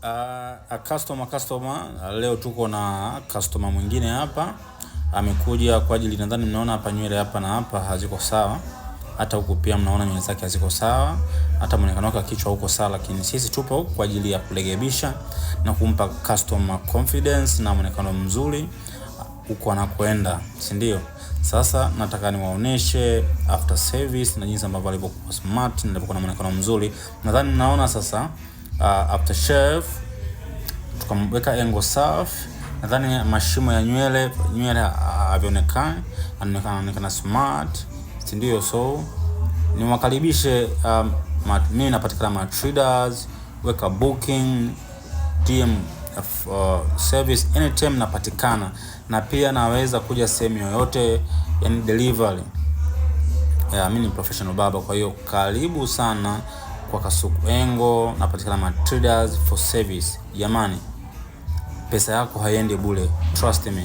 Uh, a customer customer, leo tuko na customer mwingine hapa, amekuja kwa ajili, nadhani mnaona hapa nywele hapa na hapa haziko sawa, hata huku pia mnaona nywele zake haziko sawa, hata muonekano wake kichwa huko sawa, lakini sisi tupo kwa ajili ya kurekebisha na kumpa customer confidence na muonekano mzuri huko anakoenda, si ndio? Sasa nataka niwaoneshe after service na jinsi ambavyo alivyokuwa smart na alivyokuwa na muonekano mzuri, nadhani naona sasa uh, shave tukamweka engo safi. Nadhani mashimo ya nywele nywele havionekani, anaonekana smart, si ndio? So niwakaribishe um, mimi napatikana Matraders, weka booking DM uh, service anytime napatikana, na pia naweza kuja sehemu yoyote, yani delivery. Yeah, mimi ni professional baba, kwa hiyo karibu sana kwa Engo, napatikana matraders for service. Jamani, pesa yako haiendi bure, trust me.